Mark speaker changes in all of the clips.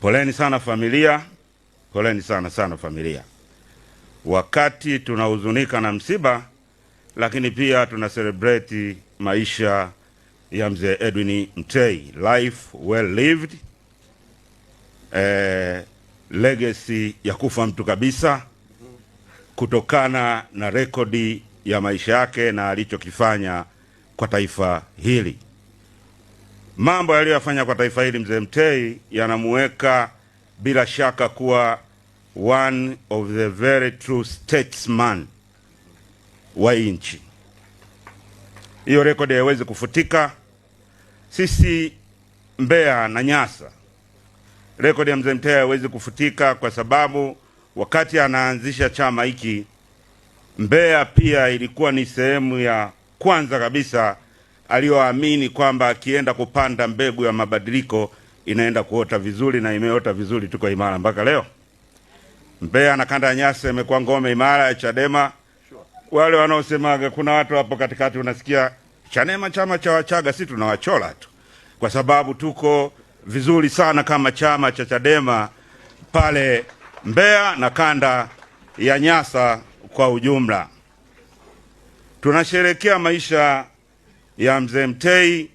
Speaker 1: Poleni sana familia, poleni sana sana familia. Wakati tunahuzunika na msiba, lakini pia tuna celebrate maisha ya mzee Edwin Mtei, life well lived, eh, legacy ya kufa mtu kabisa kutokana na rekodi ya maisha yake na alichokifanya kwa taifa hili. Mambo yaliyoyafanya kwa taifa hili mzee Mtei yanamuweka bila shaka kuwa one of the very true statesman wa nchi. Hiyo rekodi haiwezi kufutika. Sisi Mbeya na Nyasa, rekodi ya mzee Mtei haiwezi kufutika, kwa sababu wakati anaanzisha chama hiki Mbeya pia ilikuwa ni sehemu ya kwanza kabisa aliyoamini kwamba akienda kupanda mbegu ya mabadiliko inaenda kuota vizuri na imeota vizuri. Tuko imara mpaka leo. Mbeya na kanda ya Nyasa imekuwa ngome imara ya Chadema. Wale wanaosemaga, kuna watu hapo katikati unasikia Chadema chama cha Wachaga, si tunawachola tu, kwa sababu tuko vizuri sana kama chama cha Chadema pale Mbeya na kanda ya Nyasa kwa ujumla. Tunasherekea maisha ya mzee Mtei.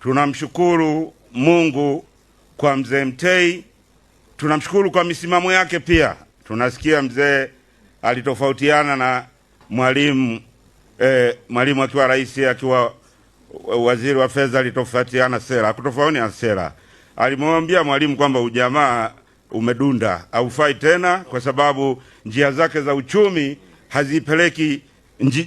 Speaker 1: Tunamshukuru Mungu kwa mzee Mtei, tunamshukuru kwa misimamo yake pia. Tunasikia mzee alitofautiana na mwalimu eh, mwalimu akiwa rais, akiwa waziri wa fedha alitofautiana sera, akutofautiana sera. Alimwambia mwalimu kwamba ujamaa umedunda, haufai tena, kwa sababu njia zake za uchumi hazipeleki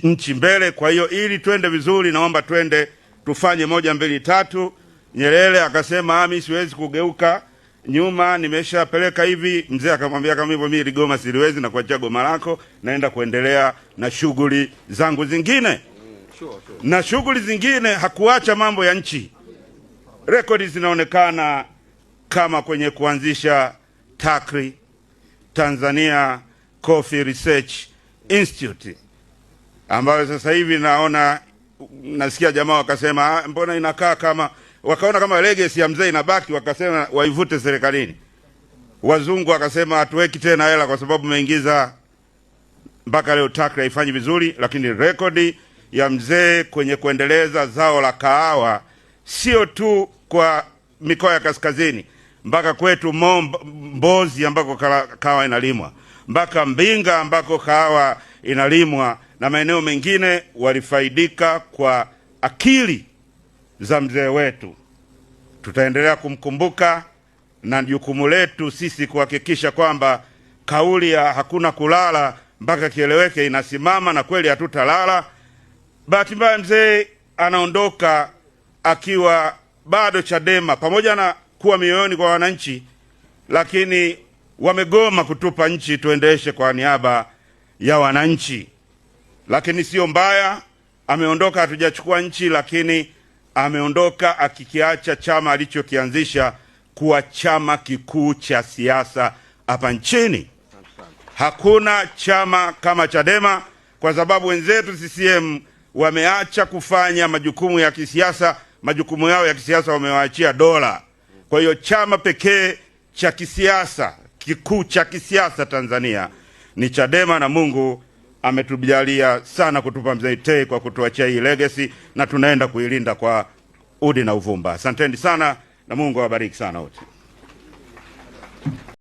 Speaker 1: nchi mbele. Kwa hiyo ili twende vizuri, naomba twende tufanye moja mbili tatu. Nyerere akasema ami, ah, siwezi kugeuka nyuma, nimeshapeleka hivi. Mzee akamwambia kama hivyo, mimi Ligoma siliwezi na kuachia goma lako, naenda kuendelea na shughuli zangu zingine. Na shughuli zingine hakuacha mambo ya nchi. Rekodi zinaonekana kama kwenye kuanzisha TACRI, Tanzania Coffee Research Institute ambayo sasa hivi naona nasikia jamaa wakasema ah, mbona inakaa kama, wakaona kama legacy ya mzee inabaki, wakasema waivute serikalini. Wazungu wakasema hatuweki tena hela kwa sababu umeingiza mpaka leo TAKRA haifanyi vizuri, lakini rekodi ya mzee kwenye kuendeleza zao la kahawa sio tu kwa mikoa ya kaskazini mpaka kwetu Mbozi ambako kahawa inalimwa mpaka Mbinga ambako kahawa inalimwa na maeneo mengine walifaidika kwa akili za mzee wetu. Tutaendelea kumkumbuka na jukumu letu sisi kuhakikisha kwamba kauli ya hakuna kulala mpaka kieleweke inasimama, na kweli hatutalala. Bahati mbaya mzee anaondoka akiwa bado Chadema, pamoja na kuwa mioyoni kwa wananchi, lakini wamegoma kutupa nchi tuendeshe kwa niaba ya wananchi, lakini sio mbaya, ameondoka. Hatujachukua nchi, lakini ameondoka akikiacha chama alichokianzisha kuwa chama kikuu cha siasa hapa nchini. Hakuna chama kama Chadema kwa sababu wenzetu CCM wameacha kufanya majukumu ya kisiasa, majukumu yao ya kisiasa wamewaachia dola. Kwa hiyo chama pekee cha kisiasa kikuu cha kisiasa Tanzania ni Chadema na Mungu ametujalia sana kutupa mzaitei kwa kutuachia hii legacy na tunaenda kuilinda kwa udi na uvumba. Asanteni sana na Mungu awabariki sana wote.